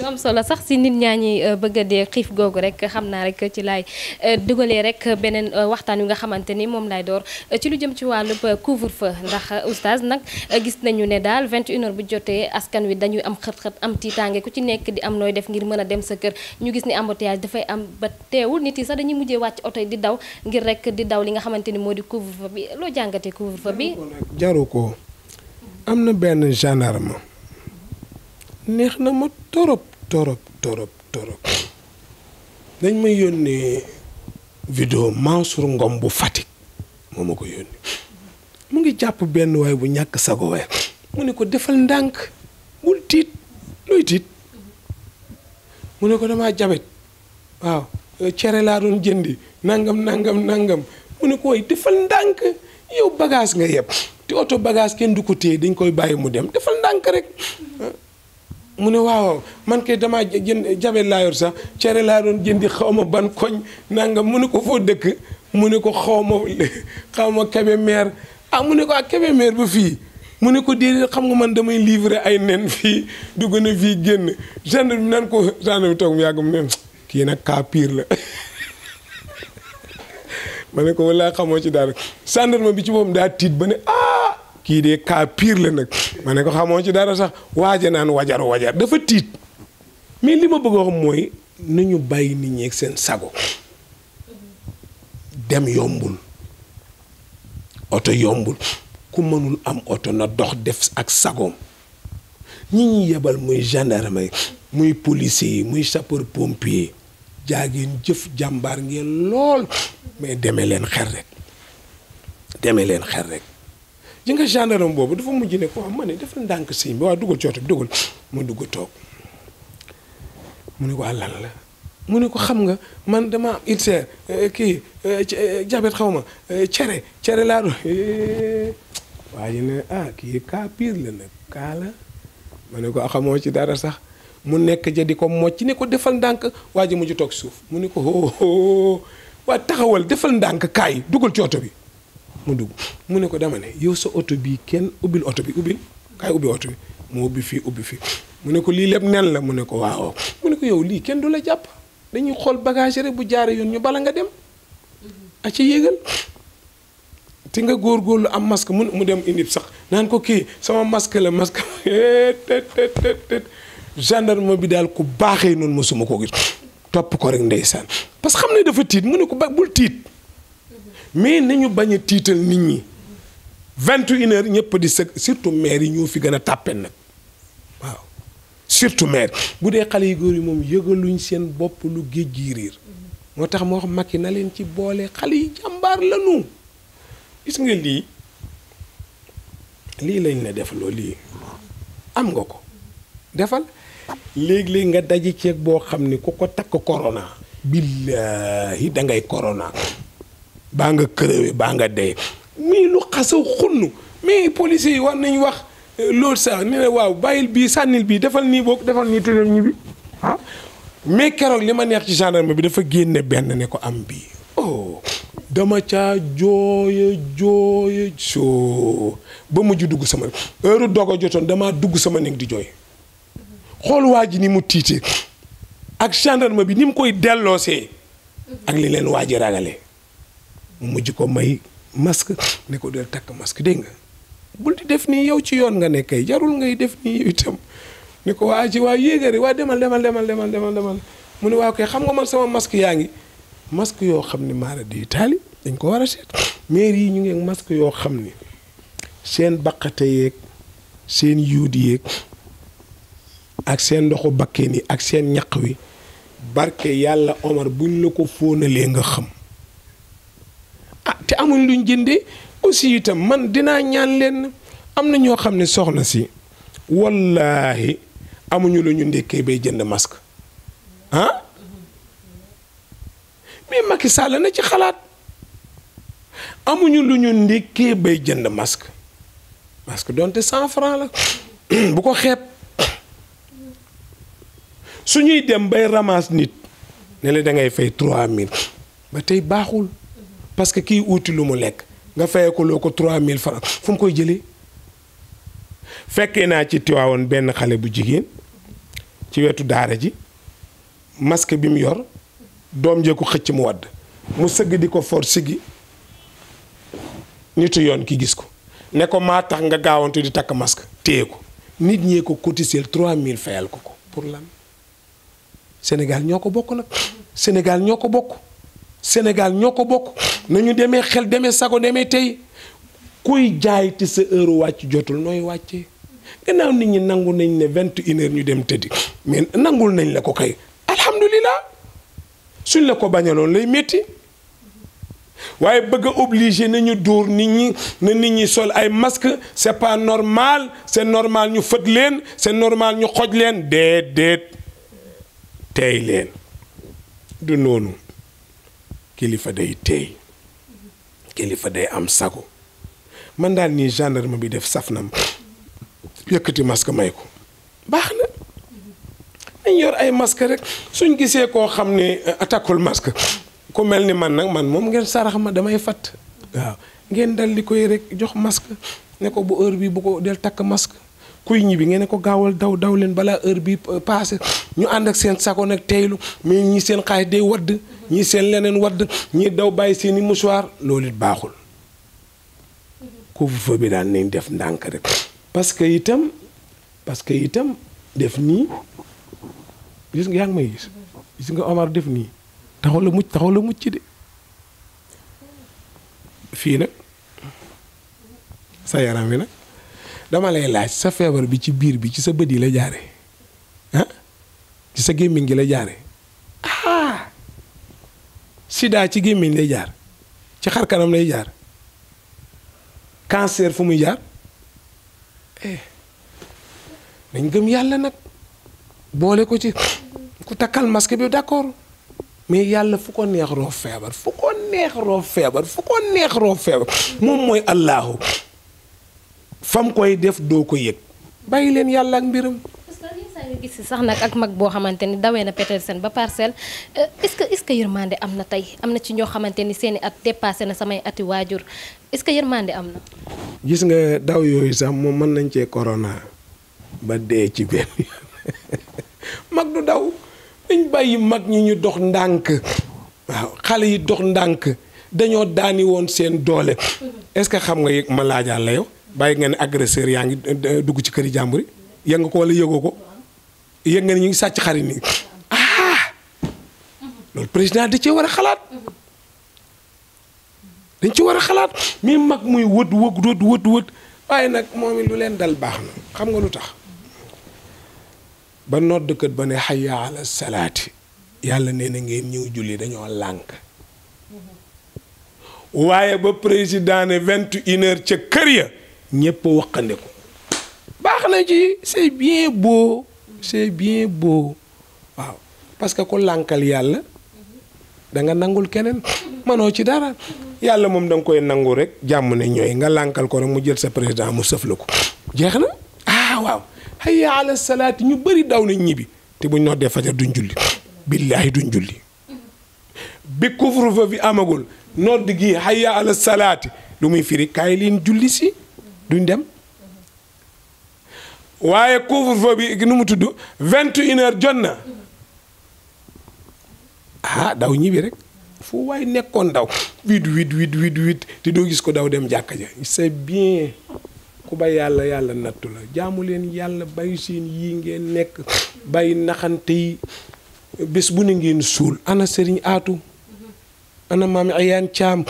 lu am solo sax si nit ñaa ñi euh, bëgg a dee xiif googu rek xam naa rek ci laay euh, dugalee rek beneen euh, waxtaan wi nga xamante ni moom laay door ci lu jëm ci wàllub couvre-feu ndax oustaz nag gis nañu ne daal 21h bu jotee askan wi dañuy am xët-xët am tiitaange ku ci nekk di am nooy def ngir mën a dem sa kër ñu gis ni embouteillage dafay am ba teewul nit yi sax dañuy mujjee wàcc oto yi di daw ngir rek di daw li nga xamante ni moo di couvre-feu bi loo jàngatee couvre-feu bi. jaru ko am na benn neex na ma torop torop torop torop dañ may yónnee vidéo Mansour Ngom bu Fatick moo ma ko yónnee mu ngi jàpp benn waay bu ñàkk sago waay mu ne ko defal ndànk bul tiit looy tiit mu ne ko damaa jabet waaw eh, cere laa doon jëndi nangam nangam nangam mu ne ko defal ndànk yow bagaas nga yeb te oto bagaas kenn du ko téye dañ koy bàyyi mu dem defal ndànk rek mu ne waaw man ke dama jënd jabe laa sax cere laa doon jëndi xaw ma ban koñ nangam mu ne ko foo dëkk mu ne ko xaw ma xaw ma Kébémer ah mu ne ko ak ah, Kébémer ba fii mu ne ko déedéet xam nga man damay livrer ay nen fii dugg na fii génn gendarme bi nan ko gendarme bi toog mu yàgg mu ne kii nag cas pire la ma ne ko wallaahi xamoo ci daal gendarme bi ci boppam daa tiit ba ne ah, kii de cas pire la nag ma ne ko xamoo ci dara sax waaja naan wajar wajar dafa tiit mais li ma bëgg xam mooy nañu bàyyi nit ñi ak seen sago dem yombul oto yombul ku mënul am oto na dox def ak sagoom ñi ñuy yebal muy gendarme muy policier yi muy sapeur pompier jaa ngeen jëf jàmbaar ngeen lool mais deme leen xel rek leen xel rek ji nga gendarme boobu dafa mujj ne ko waaw ma ne dafa ndànk siñ bi waaw dugal cooto bi dugal ma dugg toog mu ne ko àllan ah, la mu ne ko xam nga man dama am ulcère euh, kii diabète euh, euh, xaw ma cere cere laa doon waa ji ne ah kii cas pire la nag kaa la ma ne ko ah, xamoo ci dara sax mu nekk ja di ko mocc ne ko defal ndànk waa ji mujj toog suuf mu ne ko waa taxawal defal ndànk kaay dugal cooto bi mu dugg mu ne ko demale yow sa oto bii kenn ubbil oto bi ubbil kaay ubbi oto bi mu ubbi fii ubbi fii mu ne ko lii lépp nen la mu ne ko waaw mu ne ko yow lii kenn du la jàpp dañuy xool bagage rek bu jaare yoon ñu bala nga dem a ca yéegal te nga góorgóorlu am masque mu mu dem indi sax naan ko kii sama masque la mask tet tet tet gendarme bi daal ku baaxee noonu mosuma ko gis topp ko rek ndeysaan parce que xam ne dafa tiit mu ne ko ba bul tiit mais nañu bañ a tiital nit ñi vingt et ñëpp di sëg surtout maire yi ñoo fi gën a tàppen nag waaw surtout maire bu dee xale yu góor yi moom yëgaluñ seen bopp lu géej gi riir moo tax moo mag Macky na leen ci boole xale yi jàmbaar lanu gis nga lii lii lañ la def loo lii am nga ko defal léeg-léeg nga daje ceeg boo xam ne ku ko takk corona billaahi da ngay baa nga crevé baa nga dee muy lu xasaw xunn mais policiers yi war nañ wax euh, loolu sax ne la waaw bàyyil bii sànnil bii defal nii boog defal nii tëjal ñi bi ah? mais keroog li ma neex ci gendarme bi dafa génne benn ne ko am bii oh dama ca jooya jooya soo ba mujj dugg sama heure doog a jotoon damaa dugg sama néeg di jooy xool waa ji ni mu tiitee ak gendarme bi ni mu koy delloosee ak li leen waa ji ragale mu mujj ko may masque ne ko del takk masque dégg nga bul def nii yow ci yoon nga nekkay jarul ngay def nii yow ko waa ci waa yéegari waa demal demal demal demal demal demal mu ne waa koy xam nga man sama masque yaa ngi masque yoo xam ni maara di taali dañ ko war a seet maire yi ñu ngi masque yoo xam ni seen baqate yeeg seen yuudi yeeg ak seen ndoxu bakkeen yi ak seen ñaq wi barke yàlla Omar buñ la ko fóonalee nga xam amuñ luñ jënde aussi itam man dinaa ñaan leen am na ñoo xam ne soxna si wallaahi amuñu lu ñu ndekkee bay jënd masque ah mais Macky Sall na ci xalaat amuñu lu ñu ndekkee bay jënd masque masque donte cent franc la bu ko xeeb su ñuy dem bay ramasse nit ne la da ngay fay trois mille ba tey baaxul. parce que kii uuti lu mu lekk nga fayee ko loo ko 3000 francs koy jëlee fekkee naa ci benn xale bu jigéen ci wetu daara ji masque bi mu yor doom jee ko xëcc mu wadd mu sëgg di ko for sigi nitu yoon ki gis ko ne ko maa tax nga gaawante di takk masque téye ko nit ñee ko cotiseel 3000 fayal ko ko pour lan Sénégal ñoo ko bokk nag Sénégal ñoo ko bokk Sénégal ñoo ko bokk nañu demee xel demee sago demee tey kuy jaay te sa heure wàcc jotul nooy wàccee gannaaw nit ñi nangu nañ ne vingt une ñu dem tëddi mais nangul nañ la ko kay alhamdulilah suñ la ko bañaloon lay métti waaye bëgg a obligé nañu duur nit ñi na nit ñi sol ay masque c'est pas normal c'est normal ñu fët leen c'est normal ñu xoj leen déet déet tey leen du noonu kilifa day tey kilifa day am sago man daal nii gendarme bi def saf nam yëkkati masque may ko baax na dañ yor ay masque rek suñ gisee koo xam ne euh, attacul masque ku mel ni man nag man moom ngeen sarax ma damay fatt waaw ngeen dal di koy rek jox masque ne ko bu heure bii bu ko del takk masque kuy ñibbi ngeen ne ko gaawal daw daw leen balaa heure bi euh, passé ñu ànd ak seen sago nag teylu mais ñi seen xaalis day wadd ñi seen leneen wadd ñi daw bàyyi seen i musuwaar loolu it baaxul couvre-feu bi daal nañ def ndànk rek parce que itam parce que itam def nii gis nga yaa ngi may gis gis nga Omar def nii taxaw la mucc taxaw la mucc de fii nag sa yaram wi nag dama lay laaj sa feebar bi ci biir bi ci sa bët yi la jaare ah ci sa gémmiñ gi la jaare ah sida ci gémmiñ lay jaar ci xar kanam lay jaar cancer fu muy jaar dañ eh, gëm yàlla nag boole ko ci ku takkal maske bi d'accord mais yàlla fu ko neex roof fu ko neex roof feebar fu ko neex roof feebar moom mooy Allahu fam koy def doo ko yëg bàyyi leen yàlla ak mbiram. sax nag ak mag boo xamante ni dawee na Petersen ba parcelle euh, est-ce que est-ce am na tey am na ci ñoo xamante ni seeni at dépassé na samay ati waajur est-ce que yërmande am na. gis nga daw yooyu sax moom mën nañ cee corona ba dee ci benn mag du daw dañ bàyyi mag ñi ñu dox ndànk waaw xale yi dox ndànk dañoo daani woon seen doole mm-hmm. est-ce que xam nga yëg ma laajal la yow bàyyi nga ne agresseur yaa ngi eh, eh, dugg ci kër yi jàmbur yi yëg nga ko wala yëgoo ko yëg nga ne ñu ngi sàcc xarit nii ah! loolu président di cee war a xalaat dañ ci war a xalaat mi mag muy wët wëg wët wët wët waaye nag moom it lu leen dal baax na xam nga lu tax ba noot kër ba ne hayya ala salaati yàlla nee na ngeen ñëw julli dañoo lànk waaye ba président ne vingt une ca kër ya ñëpp waxandiku baax na ci c'est bien beau c'est bien beau waaw parce que ku lankal yàlla da nga nangul keneen manoo ci dara yàlla moom da koy nangu rek jàmm ne ñooy nga lànkal ko rek mu jël sa président mu sëfla ko jeex na ah waaw hayya ala ñu bari daw nañ ñibbi te buñ noddee fajar duñ julli billaahi duñ julli bi couvre-feu bi amagul nodd gi hayya ala salaati lu muy firi kaay leen julli si duñ dem waaye couvre-feu nu mu tudd vingt et une heures jot na ah daw ñibbi rek fu waay nekkoon daw huit huit huit huit te doo gis ko daw dem jàkka ja c'est bien ku ba yàlla yàlla nattu la jaamu leen yàlla bàyyi seen yii ngeen nekk bàyyi naxante yi bés bu ne ngeen suul ana sëriñ aatu ana maam ayaan caam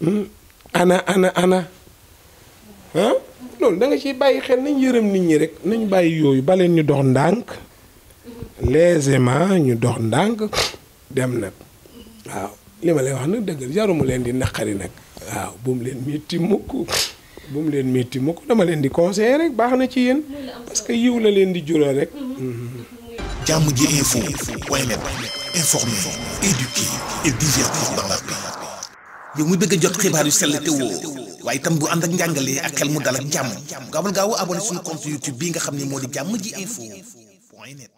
hmm? ana ana ana ah loolu da nga bàyyi xel nañ yërëm nit ñi rek nañ bàyyi yooyu baleen ñu dox ndànk légèrement ñu dox ndànk dem nag waaw li ma lay wax na dëggal jaruma leen di naqari nag waaw bu leen metti mukk bu mu leen metti mukk dama leen di conseiller rek baax na ci yéen parce que yiw la leen di jural rek jàmm ji info point net mu bëgg a xibaar yu sell waaye itam bu ànd ak njàngalee ak xel mu dal ak jàmm gaawal gaaw abonné suñu compte YouTube bi nga xam ne moo di jàmm ji info point